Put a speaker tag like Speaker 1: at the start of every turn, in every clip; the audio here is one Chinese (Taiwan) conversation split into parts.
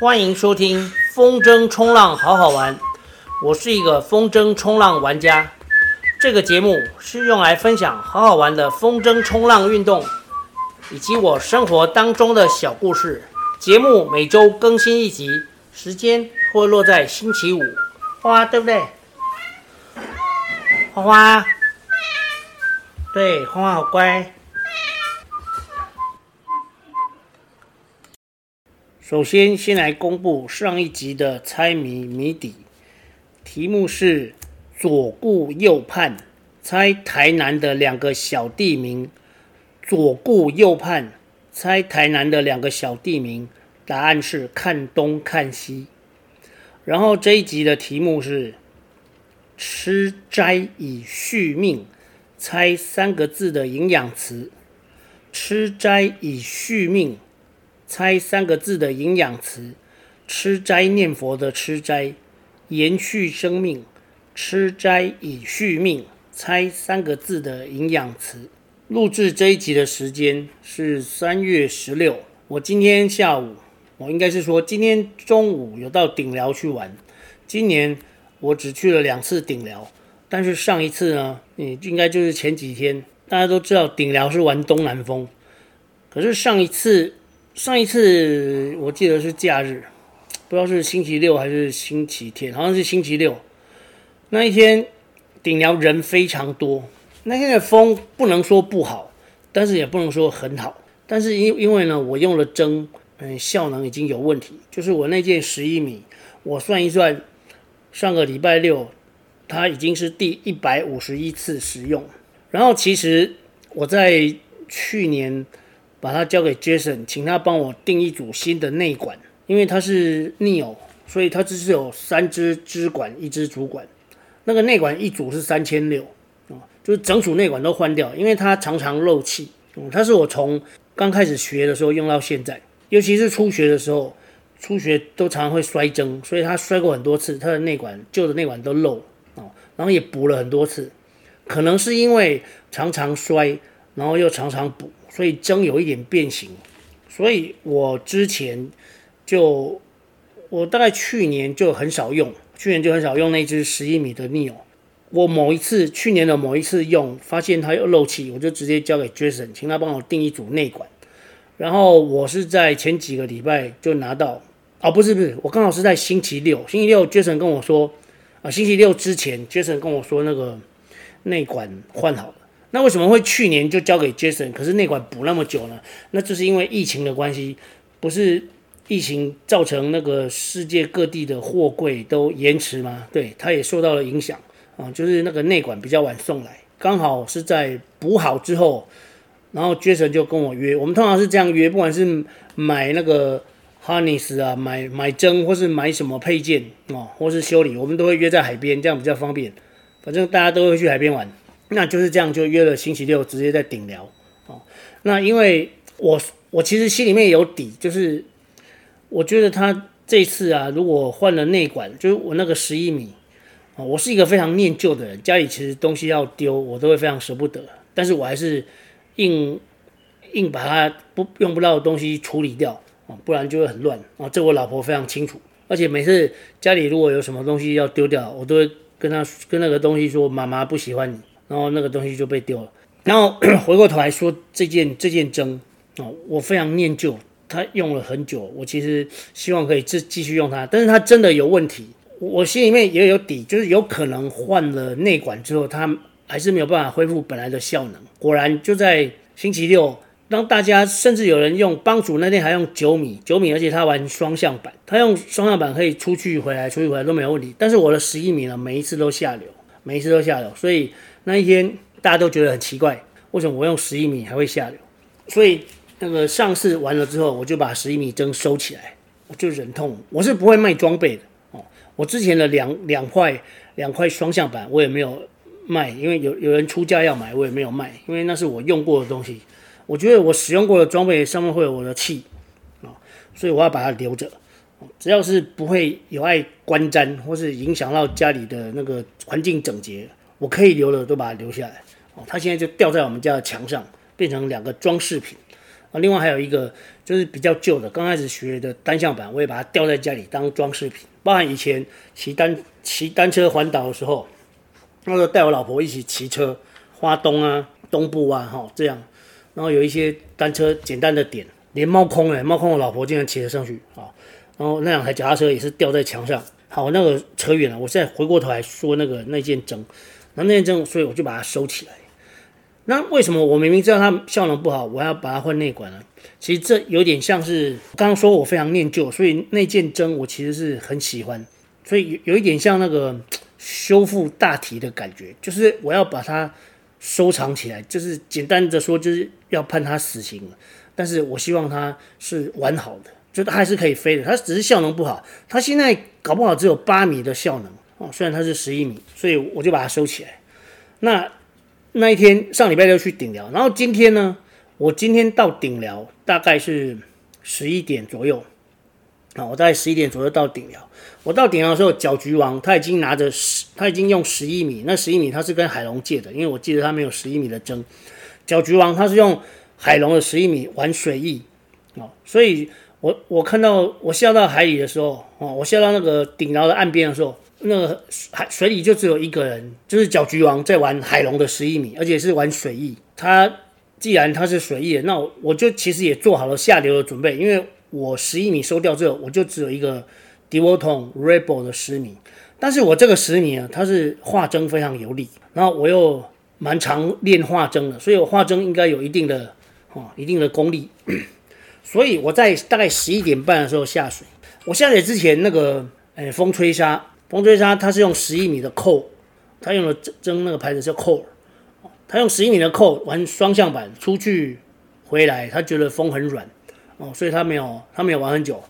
Speaker 1: 歡迎收聽風箏衝浪，好好玩。我是一個風箏衝浪玩家。這個節目是用來分享好好玩的風箏衝浪運動，以及我生活當中的小故事。節目每週更新一集，時間會落在星期五。花花，對不對？花花，對，花花好乖。首先，先來公布上一集的猜謎謎底，題目是左顧右盼，猜台南的兩個小地名。左顧右盼，猜台南的兩個小地名。答案是看東看西。然後這一集的題目是吃齋以續命，猜三個字的營養詞。吃齋以續命。猜三個字的營養詞，吃齋念佛的吃齋，延續生命，吃齋以續命。猜三個字的營養詞。錄制這一集的時間是三月十六。我今天下午，我應該是說今天中午有到頂寮去玩。今年我只去了兩次頂寮，但是上一次呢，應該就是前幾天。大家都知道頂寮是玩東南風，可是上一次。上一次我記得是假日，不知道是星期六還是星期天，好像是星期六。那一天頂寮人非常多，那天的風不能說不好，但是也不能說很好。但是因因為呢，我用了箏，嗯，效能已經有問題。就是我那件十一米，我算一算，上個禮拜六，它已經是第一百五十一次使用。然後其實我在去年。把它交給 Jason，請他幫我訂一組新的內管，因為它是 Neo，所以它只是有三支支管，一支主管。那個內管一組是三千六，啊，就是整組內管都換掉，因為它常常漏氣。嗯，它是我從剛開始學的時候用到現在，尤其是初學的時候，初學都常常會摔箏，所以它摔過很多次，它的內管舊的內管都漏，啊、嗯，然後也補了很多次，可能是因為常常摔，然後又常常補。所以針有一點變形，所以我之前就我大概去年就很少用，去年就很少用那只11米的 Neo。我某一次去年的某一次用，發現它又漏氣，我就直接交給 Jason，請他幫我訂一組內管。然後我是在前幾個禮拜就拿到，哦不是不是，我剛好是在星期六，星期六 Jason 跟我說，啊、呃、星期六之前 Jason 跟我說那個內管換好。那為什麼會去年就交給 Jason？可是內管補那麼久了，那就是因為疫情的關係，不是疫情造成那個世界各地的貨櫃都延遲嗎？對，他也受到了影響啊、嗯，就是那個內管比較晚送來，剛好是在補好之後，然後 Jason 就跟我約。我們通常是這樣約，不管是買那個 harness 啊，買買針或是買什麼配件哦、嗯，或是修理，我們都會約在海邊，這樣比較方便。反正大家都會去海邊玩。那就是這樣，就約了星期六，直接在頂寮哦。那因為我我其實心裡面有底，就是我覺得他這次啊，如果換了內管，就是我那個十一米啊，我是一個非常念舊的人，家裡其實東西要丟，我都會非常捨不得。但是我還是硬硬把它不用不到的東西處理掉啊，不然就會很亂啊。這我老婆非常清楚，而且每次家裡如果有什麼東西要丟掉，我都會跟他跟那個東西說：“媽媽不喜歡你。”然後那個東西就被丟了。然後回過頭來說，這件這件針哦，我非常念舊，它用了很久，我其實希望可以繼繼續用它，但是它真的有問題，我心裡面也有底，就是有可能換了內管之後，它還是沒有辦法恢復本來的效能。果然就在星期六，當大家甚至有人用幫主那天還用九米九米，而且他玩雙向板，他用雙向板可以出去回來，出去回來都沒有問題。但是我的十一米呢，每一次都下流，每一次都下流，所以。那一天大家都覺得很奇怪，為什麼我用十一米還會下流？所以那個上市完了之後，我就把十一米箏，收起來，我就忍痛，我是不會賣裝備的哦。我之前的兩兩塊兩塊雙向板我也沒有賣，因為有有人出價要買，我也沒有賣，因為那是我用過的東西。我覺得我使用過的裝備上面會有我的氣啊、哦，所以我要把它留着。只要是不會有礙觀瞻或是影響到家裡的那個環境整潔。我可以留的都把它留下來哦，它現在就吊在我們家的牆上，變成兩個裝飾品啊。另外還有一個就是比較舊的，剛開始學的單向板，我也把它吊在家裡當裝飾品。包含以前騎單騎單車環島的時候，那時候帶我老婆一起騎車，花東啊、東部啊，哈、哦、這樣。然後有一些單車簡單的點，連貓空哎，貓空我老婆竟然騎了上去啊、哦。然後那兩台腳踏車也是吊在牆上。好，那個扯遠了，我現在回過頭來說那個那件整。那那件針，所以我就把它收起來。那為什麼我明明知道它效能不好，我要把它換內管呢？其實這有點像是剛剛說我非常念舊，所以那件針我其實是很喜歡，所以有有一點像那個修復大體的感覺，就是我要把它收藏起來，就是簡單的說，就是要判它死刑了。但是我希望它是完好的，就它還是可以飛的，它只是效能不好，它現在搞不好只有八米的效能。哦，雖然它是十一米，所以我就把它收起來。那那一天上禮拜六去頂寮，然後今天呢，我今天到頂寮大概是十一點左右啊、哦，我在十一點左右到頂寮。我到頂寮的時候，攪局王他已經拿着十，他已經用十一米。那十一米他是跟海龍借的，因為我記得他沒有十一米的針。攪局王他是用海龍的十一米玩水翼哦，所以我我看到我下到海裡的時候啊、哦，我下到那個頂寮的岸邊的時候。那海水裡就只有一個人，就是攪局王在玩海龍的十一米，而且是玩水翼。他既然他是水翼，那我就其實也做好了下流的準備，因為我十一米收掉之後，我就只有一個 Duotone Rebel 的十米。但是我這個十米啊，它是化箏非常有力，然後我又蠻常練化箏的，所以我化箏應該有一定的哦一定的功力。 所以我在大概十一點半的時候下水。我下水之前那個呃、哎、風吹沙。風吹沙，他是用十一米的扣，他用的真那個牌子，叫扣，他用十一米的扣玩雙向板出去回來，他覺得風很軟哦，所以他沒有他沒有玩很久。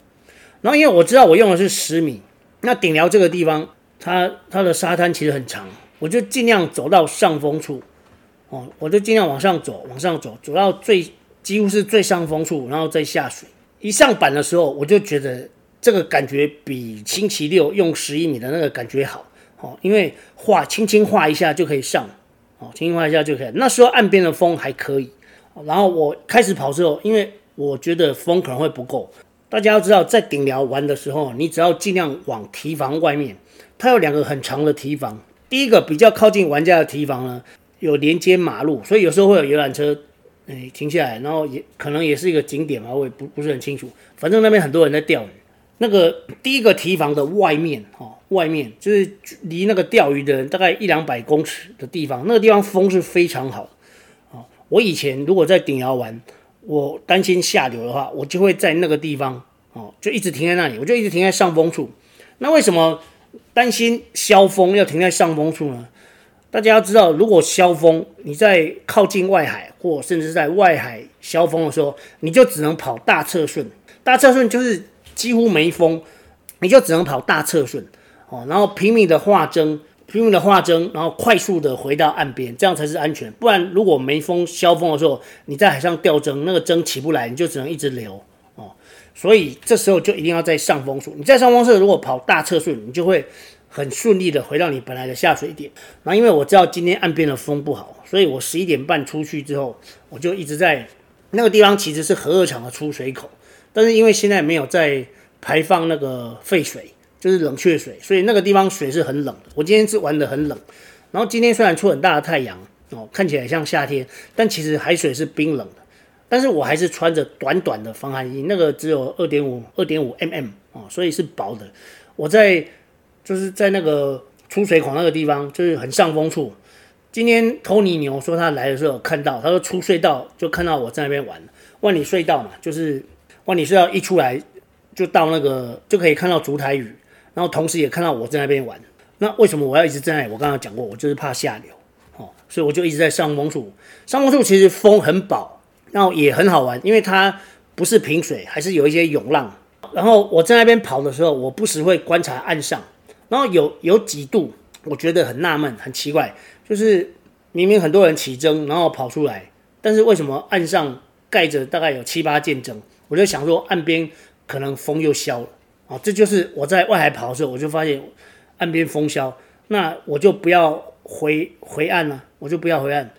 Speaker 1: 然後因為我知道我用的是十米，那頂寮這個地方，它它的沙灘其實很長，我就盡量走到上風處哦，我就盡量往上走往上走，走到最幾乎是最上風處，然後再下水。一上板的時候，我就覺得。這個感覺比星期六用十一米的那個感覺好，好、哦，因為划，輕輕划一下就可以上好、哦，輕輕划一下就可以。那時候岸邊的風還可以，然後我開始跑之後，因為我覺得風可能會不夠。大家要知道，在頂寮玩的時候，你只要儘量往堤防外面，它有兩個很長的堤防，第一個比較靠近玩家的堤防呢，有連接馬路，所以有時候會有遊覽車，哎，停下來，然後也可能也是一個景點啊，我也不不是很清楚，反正那邊很多人在釣魚。那個第一個堤防的外面，哦，外面就是離那個釣魚的人大概一兩百公尺的地方，那個地方風是非常好。哦，我以前如果在頂寮玩，我擔心下流的話，我就會在那個地方，哦，就一直停在那裡，我就一直停在上風處。那為什麼擔心消風要停在上風處呢？大家要知道，如果消風你在靠近外海，或甚至在外海消風的時候，你就只能跑大側順。大側順就是。幾乎沒風，你就只能跑大側順哦，然後拼命的划針，拼命的划針，然後快速的回到岸邊，這樣才是安全。不然，如果沒風、消風的時候，你在海上吊針，那個針起不來，你就只能一直流哦。所以這時候就一定要在上風處。你在上風處，如果跑大側順，你就會很順利的回到你本來的下水點。然後因為我知道今天岸邊的風不好，所以我十一點半出去之後，我就一直在那個地方，其實是核二廠的出水口。但是因為現在沒有在排放那個廢水，就是冷卻水，所以那個地方水是很冷的。我今天是玩的很冷，然後今天雖然出很大的太陽哦，看起來像夏天，但其實海水是冰冷的。但是我還是穿着短短的防寒衣，那個只有二點五二點五 mm 哦，所以是薄的。我在就是在那個出水口那個地方，就是很上風處。今天托尼牛說他來的時候看到，他說出隧道就看到我在那邊玩萬里隧道嘛，就是。哇！你是要一出來就到那個，就可以看到燭台嶼，然後同時也看到我在那邊玩。那為什麼我要一直在那？我剛剛講過，我就是怕下流哦，所以我就一直在上風處。上風處其實風很飽，然後也很好玩，因為它不是平水，還是有一些湧浪。然後我在那邊跑的時候，我不時會觀察岸上，然後有有幾度，我覺得很納悶、很奇怪，就是明明很多人起征，然後跑出來，但是為什麼岸上蓋着大概有七八件蒸？我就想說，岸邊可能風又消了啊，這就是我在外海跑的時候，我就發現岸邊風消，那我就不要回回岸了，啊，我就不要回岸。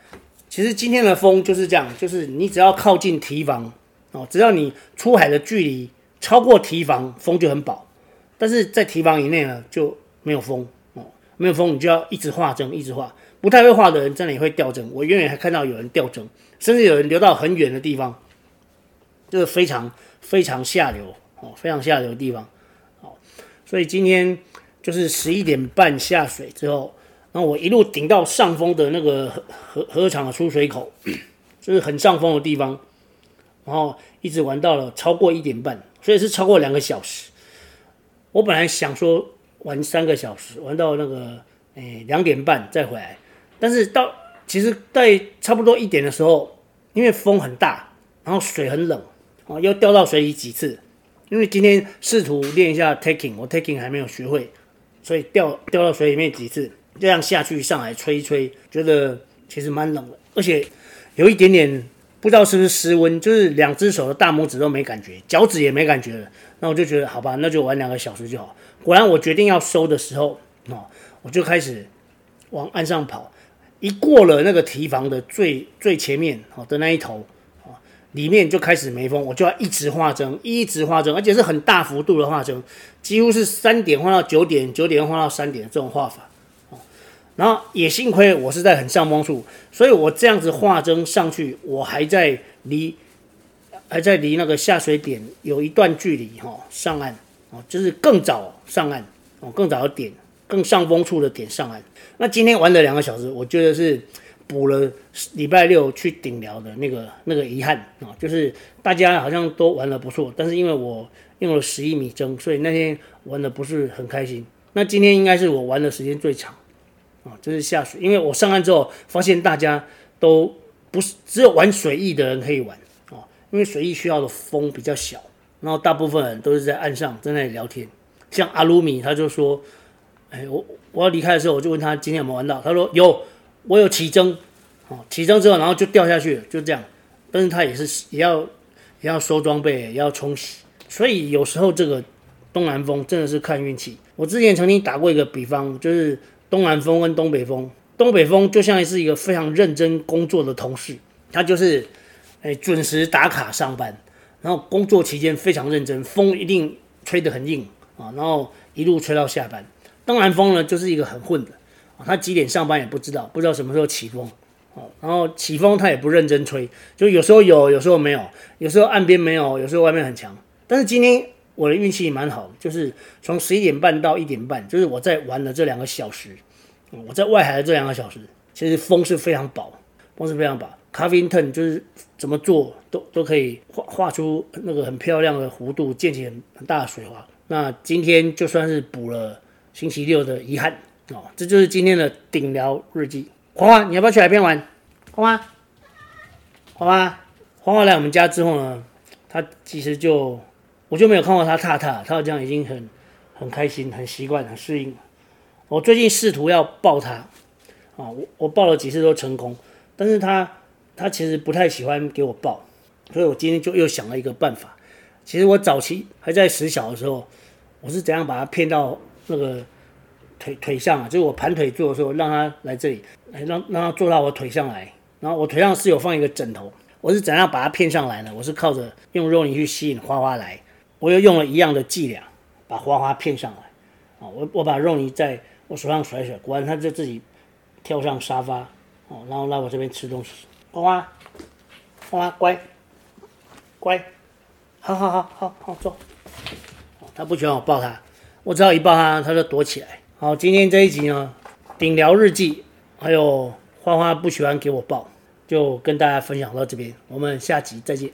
Speaker 1: 其實今天的風就是這樣，就是你只要靠近堤防哦，只要你出海的距離超過堤防，風就很飽；但是在堤防以內呢，就沒有風哦，沒有風，你就要一直畫針，一直畫。不太會畫的人，真的也會掉針。我遠遠還看到有人掉針，甚至有人流到很遠的地方。就是非常非常下流哦，非常下流的地方哦，所以今天就是十一點半下水之後，然後我一路頂到上風的那個河河河場的出水口，就是很上風的地方，然後一直玩到了超過一點半，所以是超過兩個小時。我本來想說玩三個小時，玩到那個誒兩點半再回來，但是到其實在差不多一點的時候，因為風很大，然後水很冷。哦，又掉到水裡幾次，因為今天試圖練一下 tacking，我 tacking 還沒有學會，所以掉掉到水裡面幾次。這樣下去，上來吹一吹，覺得其實蠻冷的，而且有一點點不知道是不是失溫，就是兩只手的大拇指都沒感覺，腳趾也沒感覺了。那我就覺得好吧，那就玩兩個小時就好。果然，我決定要收的時候，哦，我就開始往岸上跑，一過了那個堤防的最最前面哦的那一頭。裡面就開始沒風，我就要一直畫箏，一直畫箏，而且是很大幅度的畫箏，幾乎是三點畫到九點，九點又畫到三點這種畫法。哦，然後也幸虧我是在很上風處，所以我這樣子畫箏上去，我還在離，還在離那個下水點有一段距離哈，上岸哦，就是更早上岸哦，更早的點，更上風處的點上岸。那今天玩了兩個小時，我覺得是。補了禮拜六去頂寮的那個那個遺憾啊、哦，就是大家好像都玩的不錯，但是因為我用了十一米箏，所以那天玩的不是很開心。那今天應該是我玩的時間最長啊、哦，就是下水，因為我上岸之後發現大家都不是只有玩水翼的人可以玩啊、哦，因為水翼需要的風比較小，然後大部分人都是在岸上在那裡聊天。像阿魯米他就說，哎、欸，我我要離開的時候，我就問他今天有沒有玩到，他說有。我有起徵，哦，起徵之後，然後就掉下去了，就這樣。但是他也是也要也要收裝備，也要沖洗，所以有時候這個東南風真的是看運氣。我之前曾經打過一個比方，就是東南風跟東北風，東北風就像是一個非常認真工作的同事，他就是哎準時打卡上班，然後工作期間非常認真，風一定吹得很硬啊，然後一路吹到下班。東南風呢，就是一個很混的。他幾點上班也不知道，不知道什麼時候起風，哦，然後起風他也不認真吹，就有時候有，有時候沒有，有時候岸邊沒有，有時候外面很強。但是今天我的運氣蠻好，就是從十一點半到一點半，就是我在玩的這兩個小時，我在外海的這兩個小時，其實風是非常飽，風是非常飽。Carving turn 就是怎麼做都都可以畫畫出那個很漂亮的弧度，濺起很很大的水花。那今天就算是補了星期六的遺憾。哦，這就是今天的頂寮日記。花花，你要不要去海邊玩？花花，好吧。花花來我們家之後呢，他其實就，我就沒有看過他踏踏，他好像已經很很開心、很習慣、很適應。我最近試圖要抱他，啊、哦，我我抱了幾次都成功，但是他他其實不太喜歡給我抱，所以我今天就又想了一個辦法。其實我早期還在十小的時候，我是怎樣把他騙到那個。腿腿上啊，就是我盤腿坐的時候，讓他來這裡，來讓讓他坐到我腿上來。然後我腿上是有放一個枕頭，我是怎樣把他騙上來的？我是靠着用肉泥去吸引花花來，我又用了一樣的伎倆把花花騙上來。啊、哦，我我把肉泥在我手上甩甩，果然他就自己跳上沙發，哦，然後來我這邊吃東西。花花，花花，乖乖，好好好好好坐，哦。他不喜歡我抱他，我只要一抱他，他就躲起來。好，今天這一集呢，《頂寮日記》還有花花不喜歡給我報，就跟大家分享到這邊，我們下集再見。